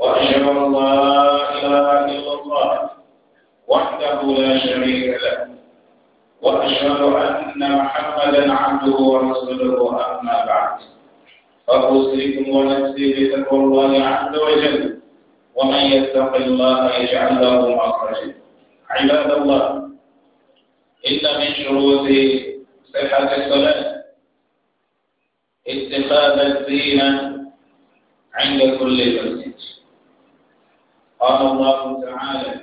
وأشهد أن لا إله إلا الله وحده لا شريك له وأشهد أن محمدا عبده ورسوله أما بعد فأوصيكم ونفسي بتقوى الله عز وجل ومن يتق الله يجعل له مخرجا عباد الله إن من شروط صحة الصلاة اتخاذ الزينة عند كل مسجد قال الله تعالى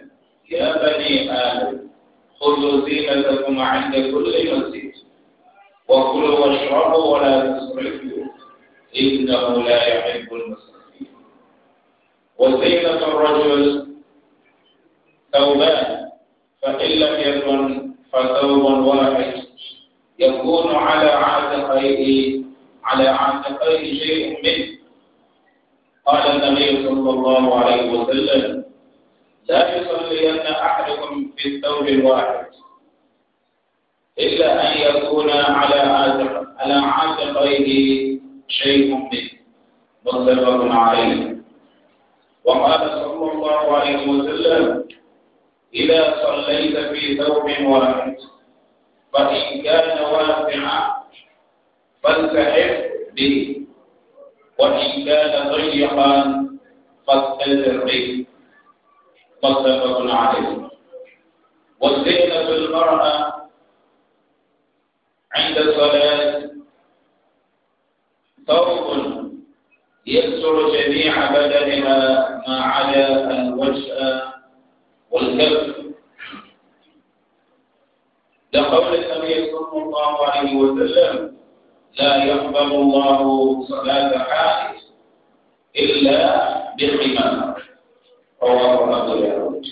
يا بني آدم خذوا زينتكم عند كل مسجد وكلوا واشربوا ولا تسرفوا إنه لا يحب المسرفين وزينة الرجل ثوبان فإن لم يكن فثوب واحد يكون على عاتقيه على عاتقيه شيء منه قال النبي صلى الله عليه وسلم لا يصلين أحدكم في الثوب الواحد إلا أن يكون على عاتق على عاتقيه شيء منه متفق عليه وقال صلى الله عليه وسلم إذا صليت في ثوب واحد فإن كان واسعا فالتحف به وإن كان ضيقا فاستدر به متفق عليه والزينة المرأة عند الصلاة ثوب يستر جميع بدنها ما عدا الوجه والكف لقول النبي صلى الله عليه وسلم لا يقبل الله صلاة حائض إلا بقمار رواه أبو داود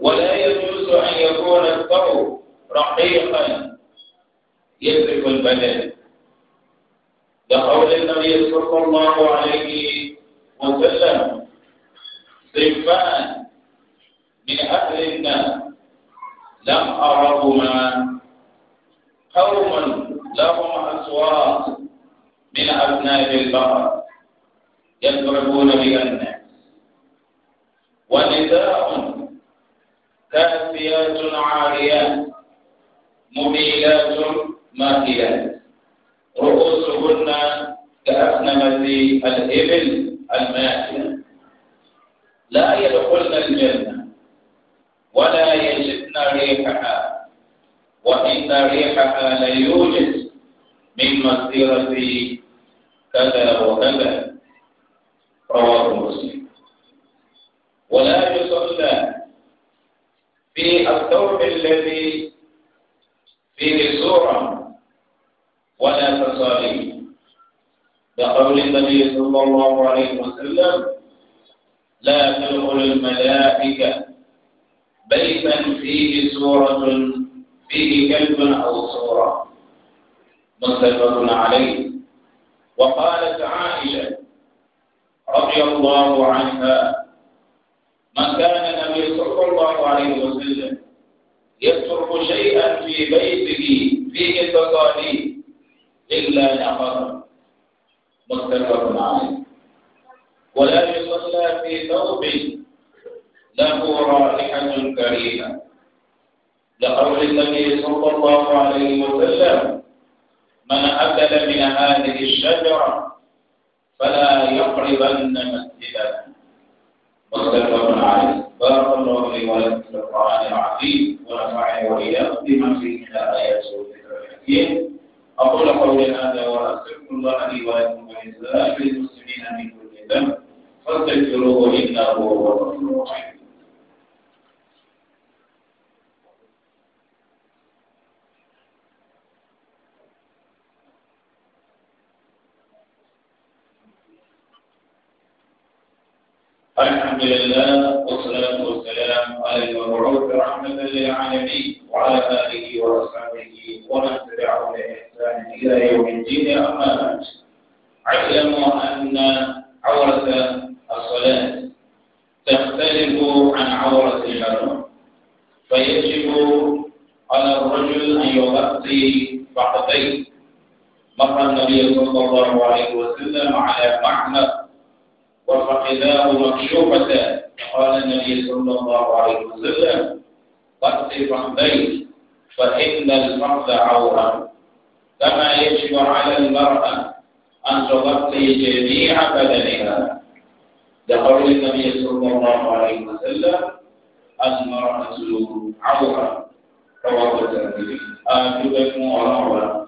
ولا يجوز أن يكون الثوب رقيقا يترك البدن لقول النبي صلى الله عليه وسلم صفان من أهل النار لم أرهما قوم لهم أسواق من أبناء البحر يضربون بها الناس ونساء كاسيات عاريات مميلات ماكيات رؤوسهن كأخنمة الإبل الماكية لا يدخلن الجنة ولا يجدن ريحها وإن ريحها يوجد من مسيرة كذا وكذا رواه مسلم ولا يصلى في الثوب الذي فيه سورة ولا تصاليح بقول النبي صلى الله عليه وسلم لا تدخل الملائكة بيتا فيه سورة فيه كلب أو صورة متفق عليه وقالت عائشة رضي الله عنها ما كان النبي صلى الله عليه وسلم يترك شيئا في بيته فيه تقاليد إلا نفر متفق عليه ولا يصلى في ثوب له رائحة كريمة لقول النبي صلى الله عليه وسلم من أكل من هذه الشجرة فلا يقربن مسجدا متفق عليه بارك الله لي ولكم في القرآن العظيم ونفعه وإياه بما فيه من الآيات والذكر الحكيم أقول قولي هذا وأستغفر الله لي ولكم ولسائر المسلمين من كل ذنب فاستغفروه إنه هو الغفور الرحيم الحمد لله والصلاة والسلام على المبعوث رحمة للعالمين وعلى آله وأصحابه ومن تبعهم بإحسان إلى يوم الدين أما بعد اعلموا أن عورة الصلاة تختلف عن عورة المرأة فيجب على الرجل أن يغطي فخذيه مر النبي صلى الله عليه وسلم على معمر أبي قال النبي صلى الله عليه وسلم قد فخذيك فإن الفخذ عورة كما يجب على المرأة أن تغطي جميع بدنها لقول النبي صلى الله عليه وسلم المرأة عورة رواه الترمذي أجبكم وراء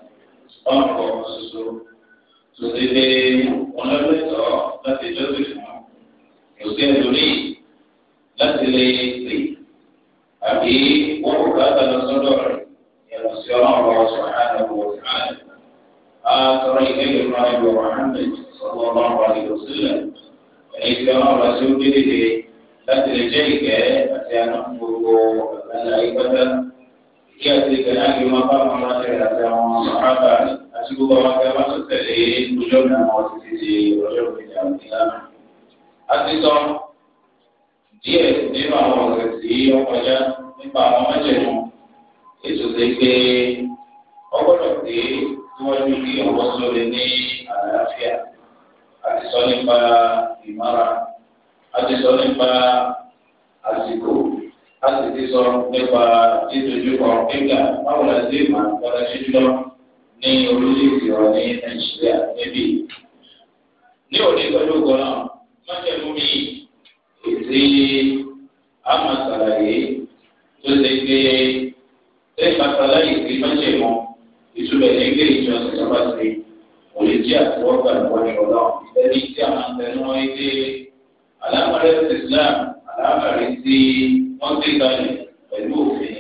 سبحان الله وسلم سيدي يسند لي láti lè rí àbí wọ́n kò káta lọ sọ́dọ̀ rẹ̀ yẹnu sí ọlọ́run lọ sọ àná wọ sàlẹ̀. a sọ̀rọ̀ ìgbẹ́lẹ̀ fún ayọ̀ mohammed sọ̀rọ̀ ọlọ́run wa lọ sílẹ̀ ẹ̀yìn sí ọlọ́run lọ sí ó dédé láti lè jẹ́ ìkẹ́ àti àná gbogbo àgbàlá ìgbàdá kí àti ìkẹ́ náà kí wọ́n bá wọn láti rẹ̀ àti àwọn sàhábà àti gbogbo àwọn akẹ́wọ́n tó tẹ̀lé ojú ọ̀nà àwọn títí di ọjọ́ ìgbìyànjú náà. Asịsọ, díẹ̀ nínú àwọn ọ̀sẹ̀ tí ọkọjá nípa àwọn mẹ́jẹ̀mú ètò ṣe pé ọgbọ́dọ̀ pé síwájú kí ọwọ́ sóre ní àlàáfíà àtisọ nípa ìmọ̀ra àtisọ nípa àsìkò àti sọ nípa dídójúkọ kíkà báwo la ṣe máa gbọ́dọ̀ májẹ̀mú mi èsì àmà sàlàyé tó ṣe pé ẹ̀ka sàlàyé sí májẹ̀mú ìtumẹ̀ nígbè ìjọsìn sábà sí òlejì àti wọ́pẹ́ àgbọ̀nì ọ̀la ìtẹ́lí tí a máa ń tẹnu wọn ṣe alámọ̀rẹ́ Islam alámọ̀rẹ́ tí wọ́n ti kalẹ̀ pẹ̀lú òfin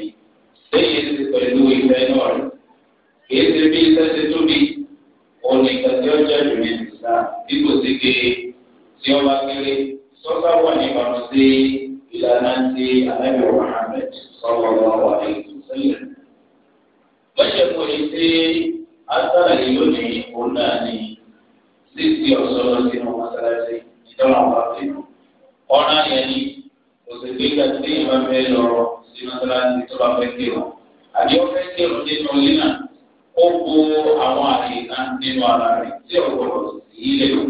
lẹ́yìn ti pẹ̀lú ìfẹ́ náà rẹ̀ kìí ṣe bí iṣẹ́ ṣe tóbi òun nìkan tí ó jẹ́ ìrìn ìsìlá dípò sí pé tí ọba kéré sọ́sá wà níbàámu sí ìlànà ti anábìyà Muhammad sallallahu alaihi wasallam. lọ́sẹ̀ kò ní sí asára yìí lónìí òun náà ni sísè ọ̀sọ́ lọ sínú mọ́sálásí ìjọba wà fún ọ̀nà yẹn ni òṣèlú ìgbà tí ìbá fẹ́ lọ sí mọ́sálásí tó bá fẹ́ kírun àbí kírun nínú ilé náà ó bo àwọn àyè kan nínú ara rẹ̀ tí ọ̀gbọ̀n sí ilé lò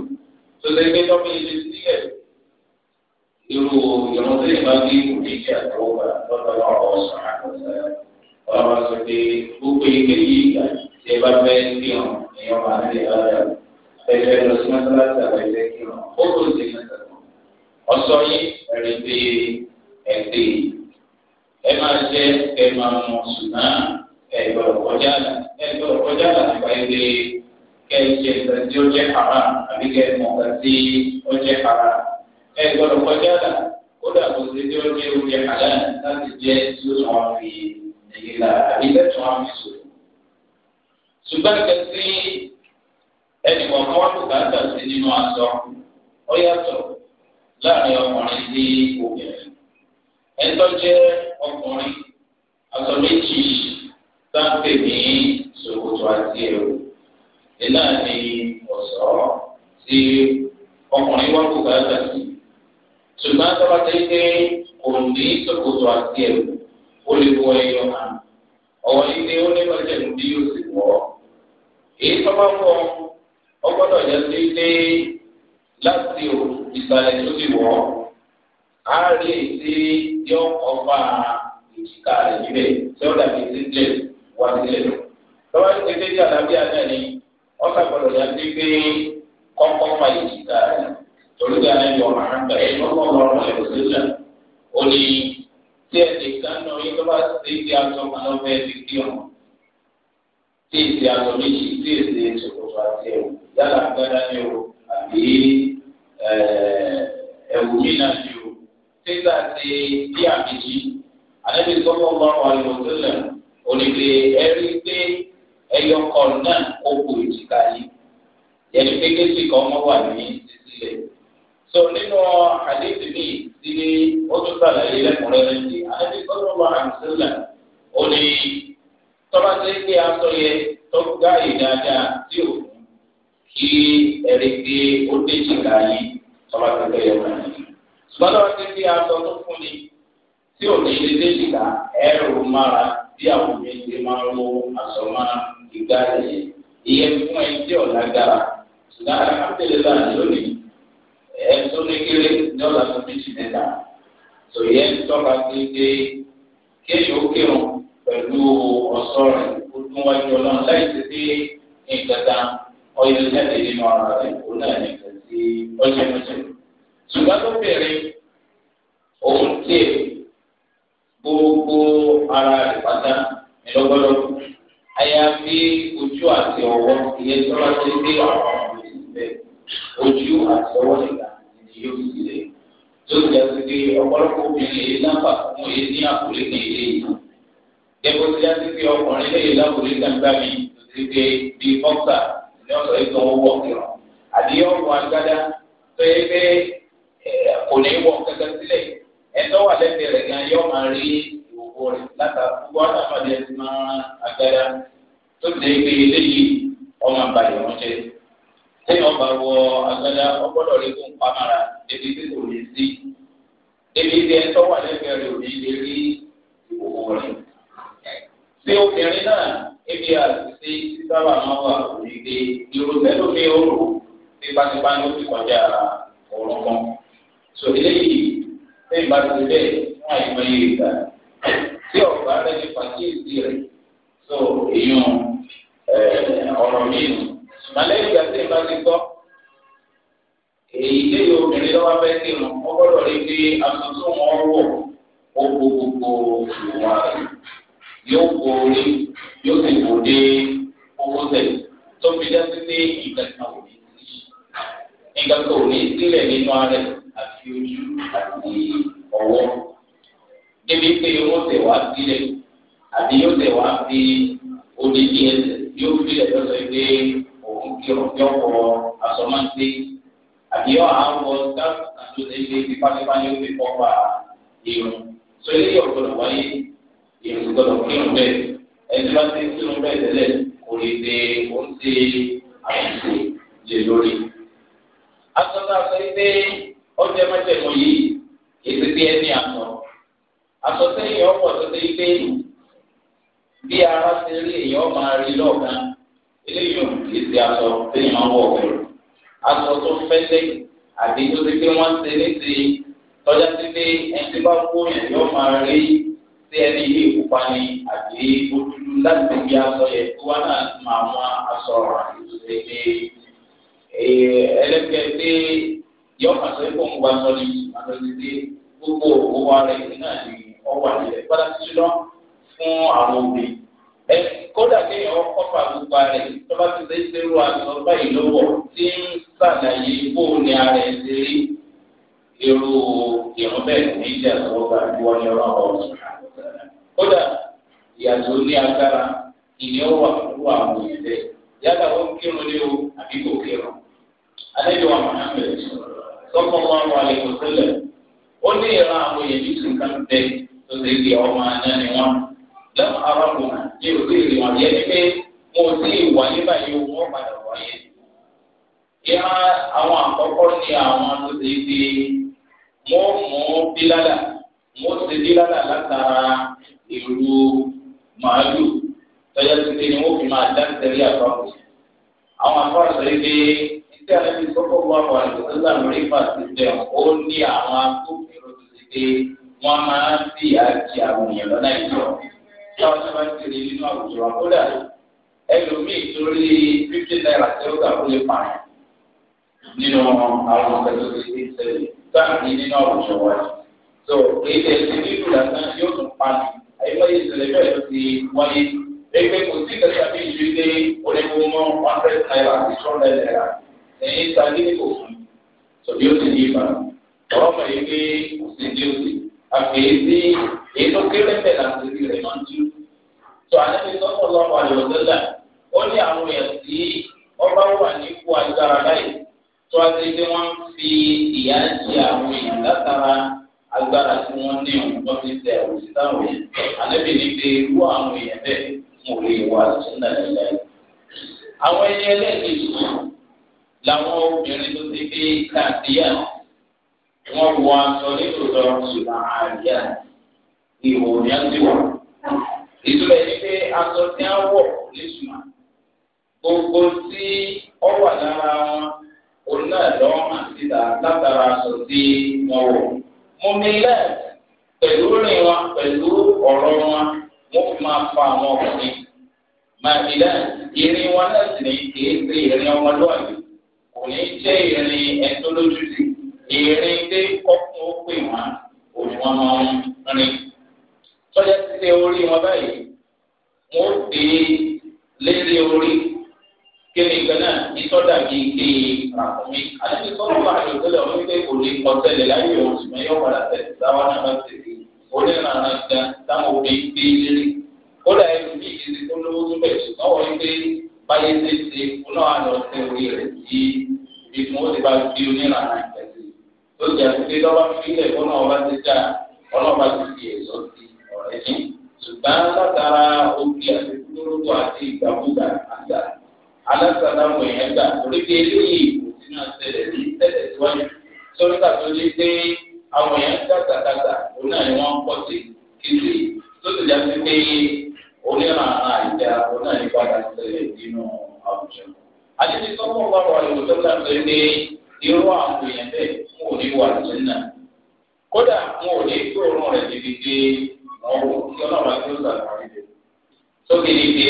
tọ́lá ẹgbẹ́ tọ́pẹ́ ilé sílẹ̀ irú ìrántí ìbáwí ìwé àtọwọ́ lọ́dọ̀ lọ́rọ̀ ọ̀sán àkọsẹ́ ọ̀rọ̀ sọ pé gbogbo ìgbé yìí ìgbà tí ẹ bá fẹ́ kí hàn èèyàn máa ní ìbára ẹgbẹ́ lọ sí mọ́tàlásì àbẹ̀fẹ́ kí hàn ó tó ṣe mẹ́tàlá ọ̀sọ́ yìí ẹ̀rí pé ẹ̀dẹ́ ẹ máa jẹ́ ẹ máa mọ̀ ṣùgbọ́n ẹ̀gbọ́n kọjá ẹ̀jẹ̀ ìgbà tí ó jẹ́ hara àbí kẹ́ ẹ̀ mọ̀ ìgbà tí ó jẹ́ hara. ẹ gbọ́dọ̀ kọjá là kódà kò sí tí ó jẹ́ oúnjẹ hara láti jẹ́ tí ó tún wá fi èyí la àbí tẹ́ tún wá fi sòrò. ṣùgbọ́n ìgbà tí ẹnìkan kan wá bùkátà sí nínú aṣọ ó yàtọ̀ láàrin ọkùnrin sí obìnrin. ẹ̀tọ́ jẹ́ ọkùnrin aṣọ méjì sáńpẹ̀ ní ṣòkòtò àti ẹ̀rù ìlà ni ọ̀sọ́ tí ọkùnrin wá kó bàtà sí. ṣùgbọ́n tọ́ba tẹ́ pé kò ní ṣòkòtò àti ẹ̀rù ó lè wọ ẹyọ hàn. ọ̀wọ́ yìí ni ó ní bàjẹ́ ní bí yóò sì wọ̀ ọ́. èyí tọ́ba fọ ọgbọ́dọ̀ yẹ sí pé láti ìsàlẹ̀ tó ti wọ̀ ọ́. rí èyí yọ ọ̀fà ìjìká rẹ̀ níbẹ̀ tí ó dàbí sílẹ̀ wá sílẹ̀. tọ́ba ti ṣe déédéé àlàáfíà náà ni sàgbọ̀dọ̀ yà sí pé kọ́kọ́ fa ìjìká rẹ̀ torí bí alẹ́ yọ màá gbà ẹ̀ lọ́kọ̀ lọ́rùn ẹ̀ lọ́sẹ̀lẹ̀ ó ní tí ẹ̀ lè ká nù yín tó bá ṣe ti aṣọ kan fẹ́ fi kí ọ̀hún tí ì ti aṣọ méjì tí ì ti ṣòkòtò àti ẹ̀wù yálà ni o àbí ẹ̀wù mìíràn ni o tí ìgbà ti bí àmì yìí alẹ́ bí sọ́kọ̀ lọ́rùn ẹ̀ lọ́sẹ̀lẹ̀ ó ní pé ẹ̀rí pé ẹyọ kan náà ó kù ìjìká yìí yẹn pé kéjì kan mọ́ wà ní sísílẹ̀ so nínú àdéhùn mi ti ó tún sàlàyé lẹ́kùnrẹ́rẹ́ sí àdéhùn gbọ́dọ̀ wà àmìsílẹ̀ ó ní tọ́ba ti ń gbé aṣọ yẹn tó gáàyè dáadáa tí ò kí ẹ̀rí pé ó dé ìjìká yìí tọ́ba ti gbé yẹn wọ̀nyí ṣùgbọ́n tọ́ba ti ń gbé aṣọ tó fún ni tí ò ní lè dé ìjìká ẹ̀rù mára bí àwọn obìnrin ṣe máa ń lo àsọmọ ìgbà yìí ìyẹn fún ẹni tí ọ̀la gara ṣùgbọ́n àkàtẹ́lẹ́ là ní lónìí ẹ̀ tó ní kéré ní ọ̀la tó méjì mẹ́ta tó yẹ ń tọ́ka sí pé kéèyàn ó kírun pẹ̀lú ọ̀ṣọ́ rẹ̀ ó tún wájú ọlọ́run láì ṣe pé nǹkan ta ọyọ jáde nínú ara rẹ̀ ó náà nìkan sí ọjọ́ mọ́tò ṣùgbọ́n tó bẹ̀rẹ̀ òun tiẹ̀ gbogbo ara rẹ̀ pátá ìlọ́gbọ́dọ̀ àyàfi ojú àti ọwọ́ ìyẹn tí wọ́n ti gbé àwọn ọmọ ìlú bẹ́ẹ̀ ojú àti ọwọ́ nìkan ni yóò fi lè tó ti àti pé ọ̀pọ̀lọpọ̀ obìnrin èyí lápá fún èyí ní àkùrẹ́ ní ilé yìí ẹ̀kọ́ ti àti pé ọkùnrin lè lákùrẹ́ gbàgbà mi tó ti gbé bíi bọ́ksà ní ọ̀sọ̀ ètò ọwọ́ kìrọ̀ àbí ọ̀pọ̀ agbádá tó yẹ pé kò ní wọ kẹkẹ sílẹ̀ ẹtọ́ wà lẹ́sẹ̀ rẹ̀ gan yọ máa rí ìwòwò rẹ̀ látara gbogbo àtàkùn ẹ̀ ti máa agbára tó ti dé pé eléyìí ọmọ àbàyè wọn jẹ tẹ́yìn ọba wọ agbára ọgbọ́dọ̀ rí fún pamara débi tí kò lè sí débi tí ẹtọ́ wà lẹ́sẹ̀ rẹ̀ ò ní lè rí ìwòwò rẹ̀ tí obìnrin náà ebi àti sábà máa wà òdìdí ìròsẹ́lómi òru pípàtípà ló ti kọjá ọ̀rọ̀ kan so eléyìí ṣé ìbáṣe bẹ́ẹ̀ fún àìmọye ìgbà tí ọ̀gá lẹ́yìn pàkíyèsí rẹ̀ so èèyàn ọ̀rọ̀ míì nù. Màlẹ́ ìgbà tí ìbáṣe gbọ́ èyí tí obìnrin lọ́wọ́ fẹ́ sí wọn wọ́n gbọ́dọ̀ rí pé aṣọ tó wọ́n wọ̀ ó kó gbogbo ìwà rẹ̀ yóò kó orí yóò sì kó dé owó tẹ̀ tó fi dá sí pé ìgbà kan ò ní sílẹ̀ nínú ara rẹ̀ àti ojú àti ọwọ́ débi pé yóò tẹ̀ wá sílẹ̀ àti yóò tẹ̀ wá sí odidi ẹsẹ̀ yóò fi ẹ̀dọ́ sọ pé òun kí ọjọ́ kọ asọ́mọ́sí àti yóò á wọ sáàtù àti onílé pípápípá ní òfin kọ́pa irun tó ilé yóò gbọdọ̀ wáyé irun gbọdọ̀ kírun bẹ́ẹ̀ ẹni bá ti kírun bẹ́ẹ̀ tẹ́lẹ̀ kò lè dé òun ṣe àtúnṣe lè lórí. asọ́nà sọ pé ọjọ́ ẹ̀mọ́tẹ̀mọ́ yìí èsì bí ẹni àtọ̀ àtọ̀sẹ́yìn ọ̀pọ̀ tó ṣe pé bí ara ṣe rí èèyàn máa rí lọ́ọ̀kan eléyìí èsì àtọ̀ sẹ́yìn máa wọ̀ pẹ̀lú àtọ̀ tó fẹ́lẹ́ àti tó ṣe pé wọ́n ṣe ní ti tọ́já sí pé ẹni tí bá kó yẹn yóò máa rí sí ẹni yìí pupa ni àti ojúlu láti fi aṣọ yẹn tó wá náà máa mú aṣọ àti tó ṣe pé ẹlẹ́gbẹ̀ẹ́ yọ pàṣẹ kó ń wá sọ ní ìmọ̀lẹ́sẹ̀ gbogbo owó ara ẹ̀yìn náà ni ọwọ́ àlẹ́ padà sí lọ fún àwọn obìnrin. ẹ kódà kéèyàn ọkọ̀fà gbogbo ara ẹ̀ tó bá ti ṣe é ṣe wà sọ báyìí lọ́wọ́ tí ń ṣàlàyé bó ni ara ẹ̀ ṣe rí irú ìrún bẹ́ẹ̀ ní ìjà lọ́wọ́ bá ti wọ́n ní ọlọ́wọ́ ọ̀sán. kódà ìyàtọ̀ ní agbára ìní ọwọ́ àbúrò àwọn òṣìṣẹ́ yálà ó kírun ní o àbí kò kírun sọ́kọ̀ wọn wà lẹ́kọ̀ọ́ sílẹ̀ ó ní ìran àwọn èyí tún kan tẹ tó ti di ọmọ àná ni wọn lẹ́nu arákùnrin ní òsì ìrìn wọn yẹ pé mo ti wà nígbà yìí wọ́n padà wáyé. ìhà àwọn àkọ́kọ́ ní àwọn tó ti di mo mú bílálà mo ti bílálà látara ìlú màálù tọ́jà tuntun ni wọ́n fi máa dá sẹ́rí àpapọ̀ àwọn àpapọ̀ sọ yìí tí a lè sọ́kọ̀ wá wà lọ́sọ́lá lórí pàṣẹ ó ní àwọn agbófinró tó ti dé wọ́n máa ń fi àjẹ àwọn èèyàn lọ́nà ìjọ. Táwọn sábà ń tẹ̀lé nínú àwùjọ àkọ́dà ẹlòmíì torí fífi náírà tí ó gbà ó lè pààyàn nínú àwọn ọ̀gá tó ti dé sẹ́lẹ̀ báńkì nínú àwùjọ wa. So èdè ti nílùú lásán yóò tún pa ní ayélujára ìṣẹ̀lẹ̀ bẹ́ẹ̀ tó ti wáyé. Ẹgbẹ́ kò sí kẹsàn-án bí ìlú ilé olè ẹ̀yin ta ní kò fún tòbí ó ti ní ìmọ̀ ọ̀rọ̀ mọ̀ yìí pé kò sí ní òsì àfẹ́sí èyí tó kéré bẹ̀ láti rí rẹ̀ máa ń tú. tó àlẹ́bí sọ́kọ̀ lọ́wọ́ àlọ́ sẹ́lẹ̀ ó ní àwọn èèyàn tí ọba wà ní ikú agbára báyìí tó a ti gbé wọn fi ìyá jẹ àwọn èèyàn látara agbára tí wọ́n ní òun tó fi tẹ òsì táwọn èèyàn àlẹ́bí ní pé irú àwọn èèyàn bẹ́ẹ̀ mo lè wà sínú ẹ̀lẹ́. àwọn ẹni ẹlẹ́ẹ̀kejì làwọn obìnrin tó ti gbé káàdìyà wọn wọ aṣọ nílùú ṣùgbọ́n ìwò ni a ti wọ̀. ìtura yìí pé aṣọ tí a wọ̀ nísùnmọ̀ gbogbo tí ọ wà lára wọn òun náà lọ́wọ́ máa ti látara aṣọ tí wọ́n wọ̀. mo ní pẹ̀lú rìn wọn pẹ̀lú ọ̀rọ̀ wọn mo fi máa fa àwọn ọkùnrin. wọn náà sì ní ọmọlúwàbí. ní jẹ́ ìrìn ẹ̀tọ́ lójú sí ìrìn tí ọkùn ó pè wọ́n òní wọ́n máa ń rìn. sọ́jà ti ṣe orí wọn báyìí wọ́n dé lérè orí kéde gánà ìtọ́jà bíi ké ràkúnmí. àti sọ́dọ̀ bá àjọ tẹ́lẹ̀ ọ̀hún pé kò lè kọ́ tẹ́lẹ̀ láyé oṣù mẹ́yọ́ padà tẹ̀lé táwọn náà bá tẹ̀lé onírànà gan táwọn obìnrin gbé lérè. ó dà ẹ̀rù bíi ìdíje tó lówó tó bẹ̀rẹ̀ ṣùgbọ́n wọ́n ń gbé báyé ṣe ṣe fún náà àlọ́ tẹ orí rẹ̀ sí i ìfún ó ti bá fi onílà náà tẹ̀sí ó jẹ́ pé lọ́wọ́ fílẹ̀ fún ọba ti dá ọlọ́ba ti fi èso ti ọ̀rẹ́ ní ṣùgbọ́n látara òkè àti kúrúkú àti ìgbàkúgbà àgbà alásàlámù èèyàn gbà torí pé eléyìí kò sí náà tẹ̀lẹ̀ ní tẹ̀lẹ̀ síwájú sórí kàtó lé pé àwọn èèyàn kàtàkàtà òun náà ni wọ́n pọ̀ sí kìsì tó ti dá sí pé onílànà àìjà òun náà ní padà tẹ̀lẹ̀ nínú àwùjọ àdébí sọ́kọ̀ wà wà lò lọ́la pé ní irú àwọn èèyàn bẹ́ẹ̀ mú ò ní wà lónìí náà kódà mú ò ní kí òórùn rẹ̀ débi pé ọ̀rọ̀ kí ọlọ́run á tó sàkàrí rẹ̀ sókè ní pé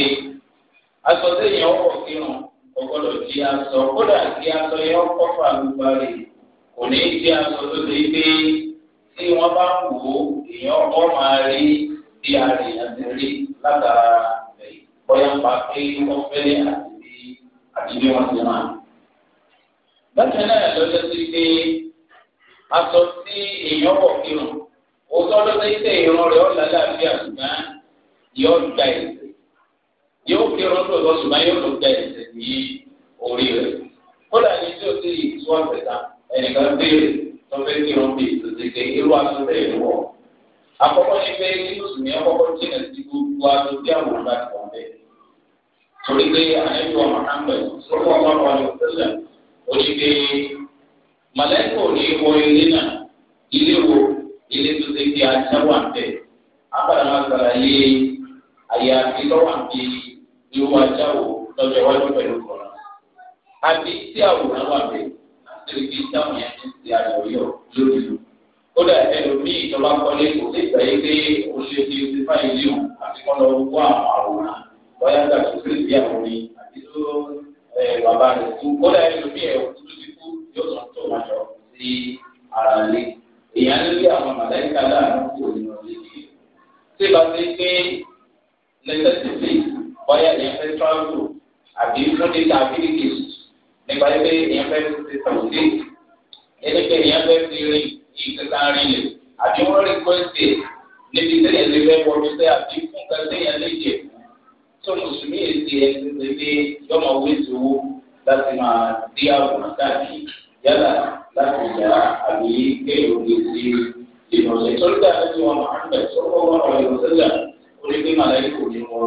aṣọ sẹ́yìn ọkọ̀ kírun ọgbọ́dọ̀ di aṣọ kódà di aṣọ yẹn ọkọ̀ fà lùgbà rẹ̀ kò ní di aṣọ tó lè gbé tí wọ́n bá wò ó èèyàn ọkọ̀ máa rí bí arìnrìn àti rí látara bọ́yá pa àti bí wọ́n ti máa. bákan náà lọ́jọ́ sí pé aṣọ tí èèyàn wọ̀ kírun òótọ́ ló ṣe ṣe ìran rẹ̀ ọ̀la láàbíà ṣùgbọ́n yóò gba ẹ̀sẹ̀ yóò kírun tó lọ ṣùgbọ́n yóò lọ gba ẹ̀sẹ̀ ní orí rẹ̀ kódà ní tí o ti tú àfẹ́ta ẹnìkan béèrè tó fẹ́ kírun bí ìtòsíkè irú aṣọ tẹ̀ ìwọ̀ àkọ́kọ́ ní pé kí lóṣù ní jìnnà sí gbogbo aṣọ tí àwọn ọ̀gá ti wọ̀ bẹ́ẹ̀ torí pé àyẹ̀wò Muhammad sọ́kọ̀ ọlọ́run àlùfẹ́lẹ̀ òní pé mọ̀lẹ́kọ̀ ní wọ ilé náà ilé wo ilé tó ṣe kí ajáwó àtẹ̀ abàdà máa ṣàlàyé àyè àti lọ́wọ́ àti irú ajáwó lọ́jọ́ iwájú pẹ̀lú kọ̀ọ̀nà. àbí tí àwòrán wà bẹ́ẹ̀ àti ibi táwọn yẹn ti ṣe àyọ̀yọ̀ lórí lu. kódà ẹlòmíì ìjọba kọ́lé kò lè gbà yí pé òṣèlú ti fà ilé òun àti kọ́ lọ wọ àwọn àwòrán bóyá gba sùkúrù ìdí àwọn ni àbí tó bàbá rẹ̀ tó kódà ẹlòmí ẹ̀ tó ti kú yóò tún tó wọn lọ sí ara lé èèyàn lórí àwọn màláìka láàánú kò ní ọ̀lẹ́ yìí tí bá ti pé lẹ́sẹ̀sì bóyá èèyàn fẹ́ tíráàlù àbí fún ní kábílíkì nípa ẹgbẹ́ èèyàn fẹ́ ti sàwùdí ẹni pé èèyàn fẹ́ ti rìn ìkẹta rìn lè àbí wọ́n rí pẹ́ẹ́sì níbi tẹ́lẹ̀ lè fẹ́ wọ́n mi sẹ́ àbí fún kẹ́sì yẹn lè jẹ́ tó mùsùlùmí yìí ti ẹsẹ̀ ṣe pé yọmọ owó ètò owó láti máa dí àwòrán káàkiri yálà láti yàrá àbí kéèrò ní ti ìrọ̀lẹ́ torí dáa ní wọn máa ń bẹ̀ sọ́kọ́ wọn ọ̀rọ̀ ìrọ̀sẹ́lẹ̀ onígbé màláyé kò ní wọn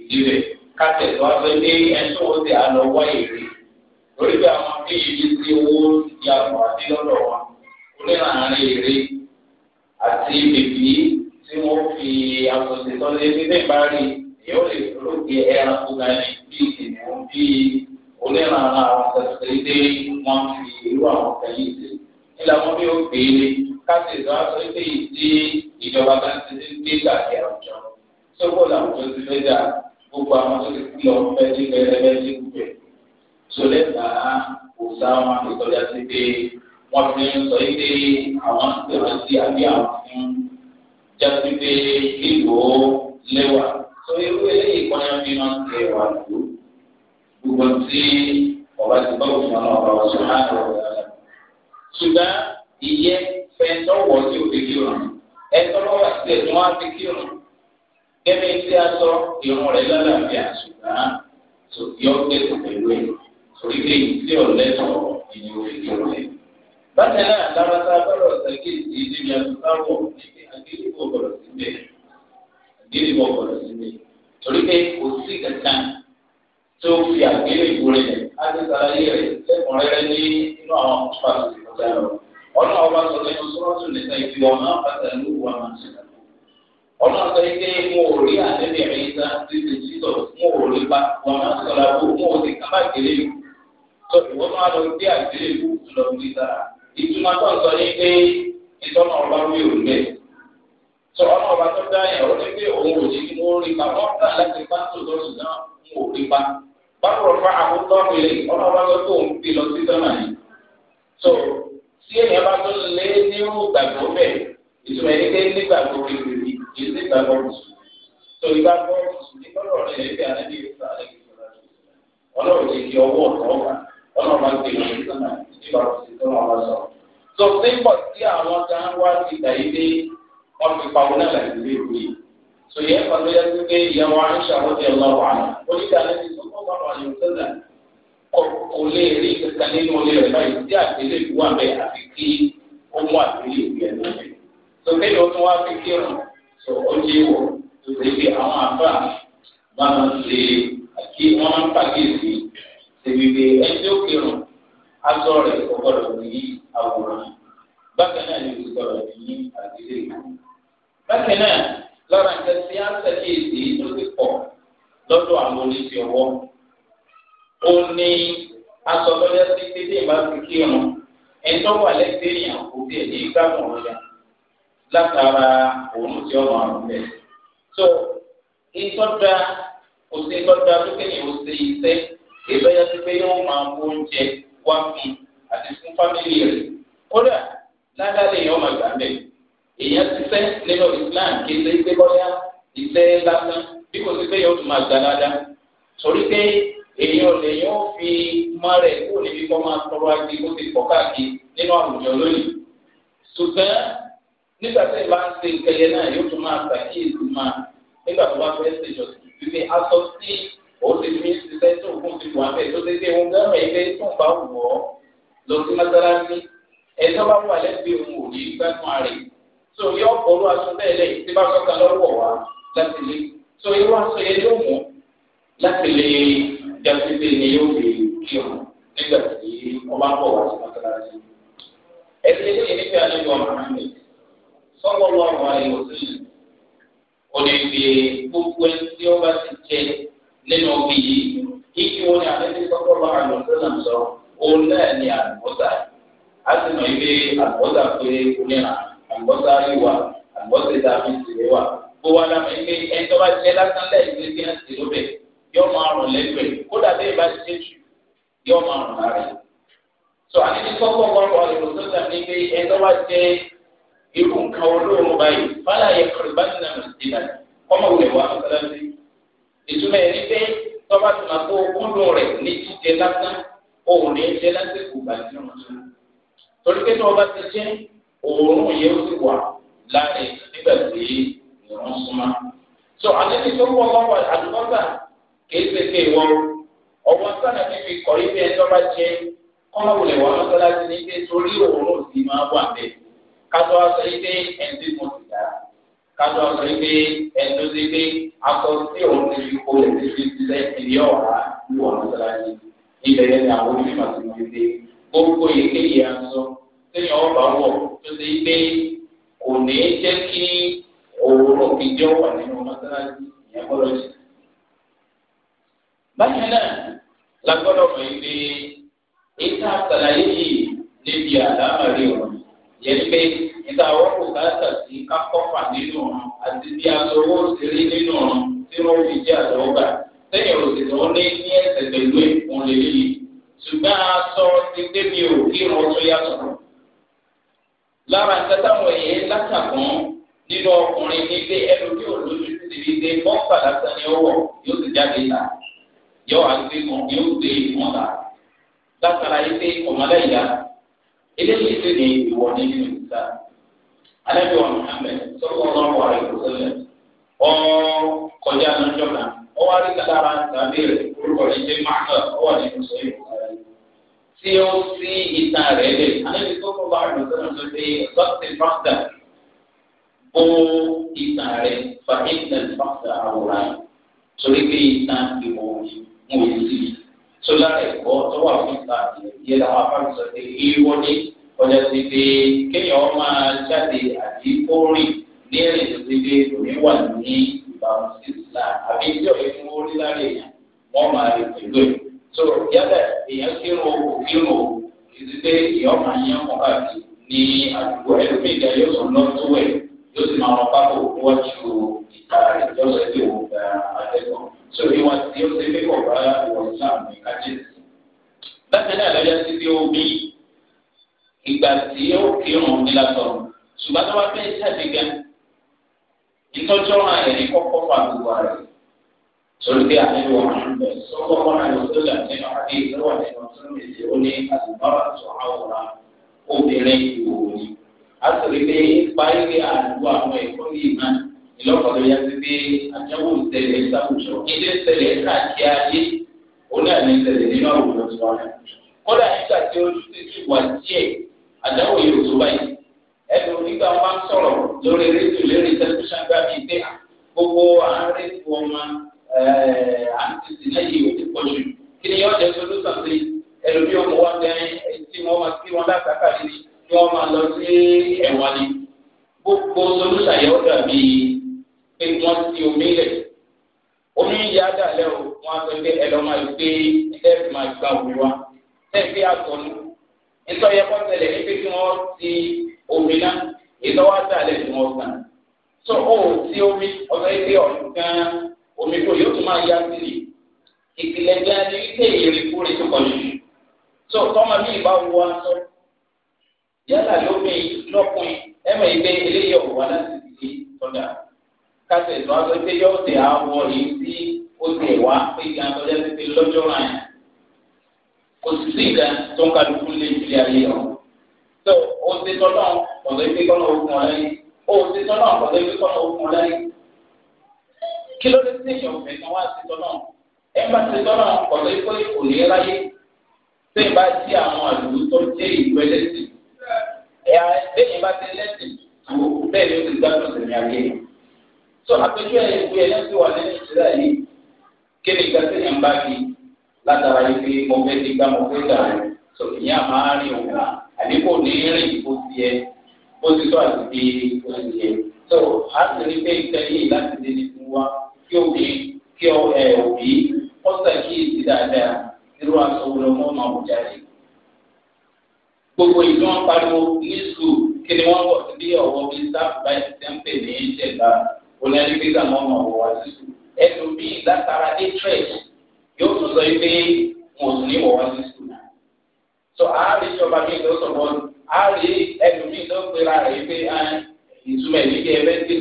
ìdílé káàkiri tó wá fẹ́ ní ẹ̀sùn ó ti àlọ́ wáyé rè lórí bí àwọn méjèèjì ti owó ìyàwó àti lọ́dọ̀ wọn onílànà èrè àti bèbí tí wọ́n fi àtọ̀sẹ̀ tọ́lé nígbà rí i èyí ó lè ló di ẹran tó ga ní bí ìdìbò bí onírànà àwọn akẹ́kọ̀ọ́ ilé wọn fi irú àwọn ọ̀kẹ́ yìí ṣe. nílẹ̀ wọn bí ó béèrè káṣí ìlú aṣọ ilé yìí sí ìjọba bá ti ti dé gàdí àwùjọ. sọ́kò làwùjọ ti fẹ́ dà gbogbo àwọn tó ti kú lọ fẹ́ ní pẹlẹbẹ ní gbogbo sọlẹ̀ bá òòsà wọn àtìkọjá sí pé wọ́n fi ń sọ ilé àwọn ìrántí àbí àwọn fún jáde pé nílùú lẹ́wà sọ irú eléyìí kan yẹn fi máa ń tẹ wà lù gbogbo tí ọba ti bá òfin náà ọba wọn sọ̀rọ̀ àná ọ̀rọ̀ rẹ̀. ṣùgbọ́n ìyẹ́ fẹ́ tọ́wọ́ tí ò fi kírun ẹ̀tọ́ lọ́wọ́ àti ẹ̀tọ́ wọn fi kírun kẹ́mi tí a sọ irun rẹ̀ lálàáfíà ṣùgbọ́n yọ kẹ́kọ̀ọ́ pẹ̀lú ẹ̀ torí pé tí ọ̀lẹ́tọ̀ ìyẹn ò fi kírun rẹ̀. bákan náà lára tá sẹ́kì níbi mo kọ̀ lọ sí mi torí pé kò sí kankan tó fi àgbélé ìwúrẹ́ rẹ̀ láti sàlàyé rẹ̀ lẹ́kùnrin rẹ̀ ní inú àwọn ọ̀pá tó ti kọjá lọ. ọ̀nà ọba sọ nínú sọ́ọ́tù nìkan ìfi ọ̀nà àpàtà ní òwú àmà ṣẹlẹ̀. ọ̀nà sọ pé mo ò rí àdébẹ̀ ẹ̀yẹ́sà ti ti jísọ̀ mo ò rí pa wọn máa sọ̀rọ̀ àbò mo ò sì kábà gbélé ìlú. sọ ìwọ máa lọ gbé àgbélé ìlú lọ sọ ọlọ́run ọba tó dá yẹn ó ní pé òun ò ní kí wọ́n rí pa wọ́n tà láti pa tó lọ sí náà ń ò rí pa bákùrọ̀ fún àkókò ilé ọlọ́run ọba tó tó ń gbé lọ sí sọ́nà yìí so tí èèyàn bá tó lé nírú gbàgbọ́ bẹ́ẹ̀ ìtumọ̀ yìí lé nígbàgbọ́ kékeré kì í sí gbàgbọ́ mùsùlùmí so ìgbàgbọ́ mùsùlùmí lọ́rọ̀ rẹ̀ ẹ̀fẹ́ àlẹ́bí ìfẹ́ àlẹ́bí ọlọ́run ti di ọwọ́ ọ̀tọ̀ ọlọ́run máa ń gbé lọ sí sọ́nà nígbà tó ti sọ́nà ọba sọ so símbọ̀ tí àwọn kan wá ti gbà wọn fi pàwọn náà láti lè wù yìí sòyẹ ẹ̀fọn tó yẹ kí pé ìyàwó àyíṣà wọn ti ọlọ́ wà ní onídàálẹ́ ti sọ fún ọmọ àyè òṣèlú kò lè rí kankan nínú ilé rẹ̀ báyìí tí àtẹlẹ ìwà bẹ àfi kí ó mú àtẹlẹ ìwé ẹ̀ lọ́wọ́ sókè ló tún wá fi kírun sọ ó jẹ́ wọ̀ tó ṣe pé àwọn àfà máa ṣe àti wọ́n máa ń pàkíyèsí ṣèwéwé ẹni tó kírun aṣọ rẹ̀ ọ̀gbọ́dọ̀ ní àwòrán bákan náà ni ìsọ̀rọ̀ ní àgbélé ìlú. bákan náà lára nǹkan tí a ṣàkíyèsí ló ti pọ̀ lọ́dọ̀ àwọn oníṣẹ́ ọwọ́. ó ní aṣọ lọ́yà sí títí ìbá ti kírun ẹ̀tọ́ wà lẹ́gbẹ̀ẹ́yàn kò tiẹ̀ ní gbàgbọ́n ọ̀yà látara òun tí ọmọ àrùn bẹ̀. so ìtọ́jà òsè ìtọ́jà tó kéèyàn òsè iṣẹ́ ìbẹ́yà ti pé yóò máa mú oúnjẹ wá fún àti fún fámìlì rẹ̀ kódà ládàá lè yàn ọmọ ìgbà mẹ́ èèyàn ti sẹ́ nínú Islam kì í ṣe pé bọ́yá ìṣe lásán bí kò sí pé yóò tún máa gbà ládàá torí pé èèyàn lè yàn fi má rẹ̀ kó níbi kó máa tọrọ àti kó ti pọ̀ káàkiri nínú àwùjọ lónìí ṣùgbọ́n nígbà tí ìbá ń ṣe ìkẹyẹ náà yóò tún máa ṣàkíyèsí máa nígbà tó bá fẹ́ ṣèjọsìn wípé aṣọ sí òun ti fi ṣiṣẹ́ tó kún ti wà bẹ́ẹ̀ tó ṣe ṣe ẹjọ́ bá wà lẹ́gbẹ̀ẹ́ òun ò ní gbẹ́nu àrè so yọ ọ̀pọ̀lú aṣọ bẹ́ẹ̀ lẹ́yìn tí bá sọ́ka lọ́wọ́ wa láti lé so irú aṣọ yẹn yóò mú láti lé jàpípé ni yóò fi kí o nígbà tí ọba bọ̀ wá sí mọ́tàlásí. ẹni ilé yìí nífẹ̀ẹ́ àlejò ọ̀hánmi sọ́kọ́ lọ́rùn àyẹ̀wò sílẹ̀ òní fi gbogbo ẹni tí ó bá ti jẹ nínú òbí yìí kí kí wọ́n ní abẹ́lé sọ́kọ́ lọ́rùn àyẹ̀wò sílẹ̀ sọ òun náà ní àlùmọ́tà yìí asinu yi pé àlùbọ́sà pé oníran àlùbọ́sà yìí wà àlùbọ́sà ìta mi sì lè wà gbogbo wa lámà yìí pé ẹjọ́ bá jẹ lásán lẹ́yìn pé kí wọ́n ti ló bẹ̀ yọ máa rùn lẹ́gbẹ̀ẹ́ kódà bẹ́ẹ̀ bá ṣe jù yọ máa rùn lára yìí. sọ àdídí kọ́kọ́ kọ́kọ́ àlùbọ́sà ní pé ẹjọ́ bá jẹ irú nǹkan olóòórùn báyìí fálà yẹ kọ̀rìbánìlá mùsùlùmí kọ́mọ wulẹ̀ wà mọ́sálásí ìtumọ̀ ẹ̀ ní pé tọ́ba tó máa tó kúndùn rẹ̀ ní jíjẹ lásán òun ní jẹ lásìkò gbàdúrà mọ́sálásí torí pé tí wọ́n bá ti jẹ́ òórùn yẹn ó sì wà láàrin nígbà tí ìrún súnmọ́. so àdébí tó wọ́n wọ́n wà àdúgbọ́gbà kìí ṣe pé ìwọ ọwọ́ sànà fífi kọ̀ yí bí ẹjọ́ bá jẹ́ kọ́mọ̀wòlẹ̀ wà mọ́sálásí ní pé torí òórùn sì máa wà bẹ́ẹ̀ kájọ́ aṣọ yí pé ẹ̀ńdí mo sì dára aṣọ yí pé ẹ̀ńdó sí pé akọ sí òun ti fi kó lè ti fi sílẹ̀ ìdí ọ̀rá ìwọ̀ mọ́sálásí ibẹ̀ yẹn ni àwọn onímọ̀ sí mo fi dé orúkọ yèkéyè aṣọ sẹ́yìn ọba wọ̀ tó ṣe gbé kò ní jẹ́ kí òwúrọ̀ kìjọ wà nínú mọ́sálásí ìyẹn gbọ́dọ̀ jù. báyìí náà la gbọ́dọ̀ mọ̀ yìí pé ìta àtàlàyé yìí níbi àdámàrí ọ̀rọ̀ yẹn pé ìta àwọn kò sáàtà sí kákọ́fà nínú ọ̀rọ̀ àti bí aṣọwọ́ òṣèré nínú ọ̀rọ̀ tí wọ́n fi jẹ́ àdọ́gba sẹ́yìn òṣèlú ó ní ní ẹ̀sẹ̀ pẹ̀lú ìpọ́nlẹ̀ yìí ṣùgbọ́n aṣọ ti dé mi ò kí irun tó yàtọ̀. lára ìtẹ́tàwọ̀ yìí látàkùn nínú ọkùnrin nílé ẹnu tí ò lójú ti di dé bọ́ǹkà lásán ni ó wọ̀ yóò ti jáde ta yóò wá gbé mọ̀ yóò gbé ìmọ̀ ta látara yìí pé ọ̀mọ́lẹ́ ìyá eléyìí ti ní ìwọ nínú ìta. alẹ́ wa Muhammad sọ́kọ́ ọlọ́wọ́ rẹ̀ kò sẹ́lẹ̀ ọ kọjá lọ́jọ́ kan ọwọ́ àríkàlára tàbí rẹ̀ orúkọ rẹ̀ jẹ́ máa ń lọ ọwọ́ nínú sọ́yìn kò tí ó sí ìta rẹ̀ lè alẹ́bí tó kọ́ bá rẹ̀ tó náà lọ́dẹ lọ́sẹ̀ fọ́ńdà bó ìta rẹ̀ fa ìtẹ̀ fọ́ńdà àwòrán torí pé ìta ìwọ̀ ń wò sí i sọlá ẹ̀kọ́ tó wà fún ìta ìyẹn làwọn afáàlùsọ pé ìwọ ní ọjà ti pé kéèyàn máa jáde àti kórìn ní ẹ̀rìn tó ti pé òní wà ní ìbámu sí ìsìlá àbí tí ọ̀yẹ́ fún orí lára èèyàn wọ́n máa rí pẹ̀lú ẹ̀ so yálẹ̀ èèyàn kírun òkú kírun òkú títí pé èèyàn máa yán wọn káàkiri ní àdúgbò ẹlòmíì ìjà yóò sọ lọ tó ẹ yóò sì máa wọn pápá òkú wọn ju ìta rẹ lọ́sẹ̀ tí òun gba àtẹ̀kọ́ so bí wọn ti ṣe pé kò bá wọn sáàmù ìkájẹ́ sí. bákan náà lọ́jọ́ sí bí omi ìgbà tí ó kírun ní lásán ṣùgbọ́n tó bá fẹ́ jáde gan ìtọ́jú ọ̀ràn ẹ̀rí kọ́kọ́ fún àdúgbò rẹ̀ سلطي عليه ومحمد صلى الله عليه وسلم nínú àdéhùn lọ́wọ́ nínú sọ́mẹ̀sì ó ní àlùbárà tó àwòrán obìnrin ìwòwò ni. a sì rí pé parí àdúgbò àwọn ẹ̀kọ́ ní ìmá ìlọ́kọ̀ọ́ ya sí pé àjẹwò ìtẹ̀lẹ̀ ìsàkóso ilé ìtẹ̀lẹ̀ káàkiri ayé òun náà ní nínú àwùjọ tó wà. kódà nígbà tí ó ti ti wà díẹ̀ àjẹwò yóò tó báyìí Eh, àǹtí lẹ́yìn òtí pọ̀ jù kí ni yọ̀ọ́ jẹ́ solúsàn sí ẹlòmí ọmọ wa tẹ tí wọ́n máa tí wọ́n lágbàkà ní kí wọ́n máa lọ sí ẹ̀wà ni gbogbo solúsàn yẹn ó dàbí pé wọ́n ti omi lẹ̀ omi yà á dàlẹ́ o wọ́n á sọ pé ẹ lọ́ máa gbé ẹ máa gba omi wa tẹ̀sí àtọ̀nù nítorí ẹ̀kọ́ tẹ̀lé ní pé kí wọ́n ti omi náà ìtọ́wá dàlẹ́ ni wọ́n sàn so ó ti omi ọ̀sẹ̀ ilé ọ̀dún omi kò yóò tún máa ya sílì ìpìlẹ̀ gan ni wípé èrè kúrè tó kọjú tó tọ́mọ mi ìbá wọ aṣọ yálà lómi lọ́kùnrin ẹ mọ̀ ìgbé eléyìí ọ̀wọ́ wa láti fi tọ́jà kásẹ̀ tó aṣọ pé yóò tẹ̀ àwọ̀ yìí sí ó tẹ̀ wá pé kí aṣọjá ti fi lọ́jọ́ ràn yàn kò sì sí ìgbà tó ń kálukú lé ìpìlẹ̀ ayé ọ̀ tó o ti tọ́ náà ọ̀dọ́ ìpínlẹ̀ ọ̀gbọ̀n lẹ́yìn o ti tọ́ náà ọ̀dọ́ ìpínlẹ̀ ọ̀gbọ̀n lẹ́yìn kí ló dé sí ìyàwó mi kan wá sí tọ́nà ẹ bá ti tọ́nà ọ̀lẹ́ pé kò ní ráyè tó ìbá sí àwọn àlùkò tó jẹ́ ìlú ẹlẹ́sìn ẹ̀yà bẹ́ẹ̀ bá ti lẹ́sìn tó bẹ́ẹ̀ ni ó ti gbádùn sẹ̀mí ayé tó àpéjọ ìwé ẹlẹ́sìn wà lẹ́nu ìṣẹ́lá yìí kí ni ìgbà sẹ́yìn bá fi látara yìí pé mo fẹ́ ti gbá mo fẹ́ gbà tó ìyá máa rìn òun àdínkù ní rìn kó tiẹ̀ bó ti tó àti bí ó ti tiẹ̀ tó a ti pé ìtẹ́lẹ̀ láti dé ní kí òbí kí ẹ òbí wọ́n ṣàkíyèsí dáadáa irú aṣọ wo lọ́mọ máa wù jáde. gbogbo ìlú wọn pariwo ní sùúrù kí ni wọ́n wọ̀ sí bí ọ̀wọ́ bíi sáfù báyìí ti ń pè ní ìjẹ̀bá onílé gbígbà wọn máa wọ̀ wá sí sùúrù ẹnu bíi látara dé tírẹ̀tì yóò tún sọ pé wọn ò ní wọ̀ wá sí sùúrù. sọ àárẹ̀ ìjọba mi ló sọ bọ́ àárẹ̀ ẹnu mi ló pera rẹ̀ pé ìtumẹ̀ níbi ẹgbẹ́ tí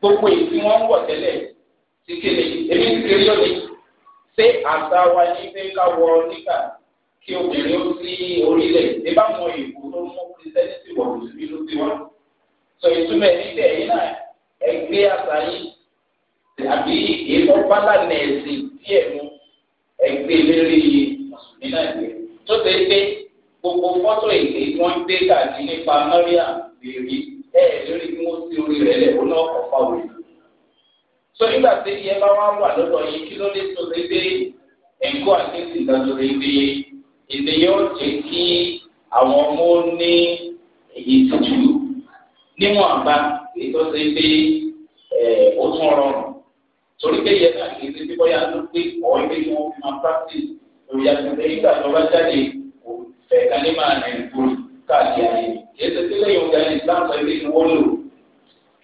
gbogbo èyí tí wọ́n ń wọ̀ tẹ́lẹ̀ ti kéde èmi ti kéré lónìí ṣé àṣà wa ní pé ká wọ níkà kí obìnrin ó sí orílẹ̀ nígbà mọ èkó tó mú kristẹni sí wọ̀ lùsùmí ló ti wọ́n. sọ ìtumọ̀ ẹni tẹ̀ ẹ̀yin náà ẹgbẹ́ àṣà yìí àbí èèmọ̀ bálà nẹ̀ẹ̀sì díẹ̀ mú ẹgbẹ́ e lérí mùsùlùmí náà gbé e. tó ṣe é pé gbogbo fọ́tò èké wọ́n gbé kàdí nípa Maria lè rí ẹ lórí kí wọ́n ti orí rẹ̀ lẹ̀ wọ́n náà kọ̀ fáwọn èèyàn. sọ nígbà tí ìyẹn bá wá wà lọ́dọ̀ yìí kí ló dé tó lé dé ẹ̀kọ́ àti ìdájọ́ lé dé èdè yóò jẹ́ kí àwọn ọmọ ní èyí tuntun níwọ̀n àbá èyí tó ṣe dé ó tún rọrùn torí pé yẹn náà kì í ṣe bí bóyá ló pé ọ̀ ilé tí wọ́n fi máa practice lórí àtúntò nígbà tó bá jáde kò fẹ́ ká ní ètò tí lẹ́yìn oúnjẹ ní ìgbà sọ ilé ìwó lò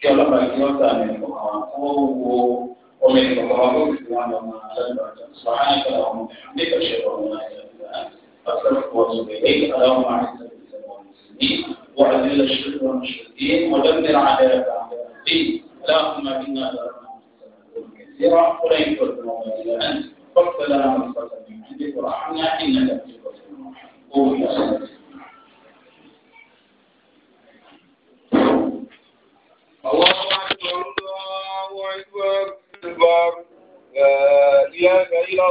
kí ọlọ́pàá yìí wọ́n sá ní ọkọ̀ wọn kó wo ọmọ ẹni ọkọ̀ wọn lórí ìwà ọmọ alẹ́gbàá sọ ayé kọ́ra ọmọ nípa ìṣẹ̀lẹ̀ ọmọ alẹ́gbàá وأذل الشرك والمشركين ودمر أعداءك أعداء الدين اللهم إنا نسألك كثيرا ولا ينفع إلا أنت فاغفر لنا من عندك وارحمنا إنك أنت الغفور الرحيم الله أكبر الله أكبر الله لا إله إلا الله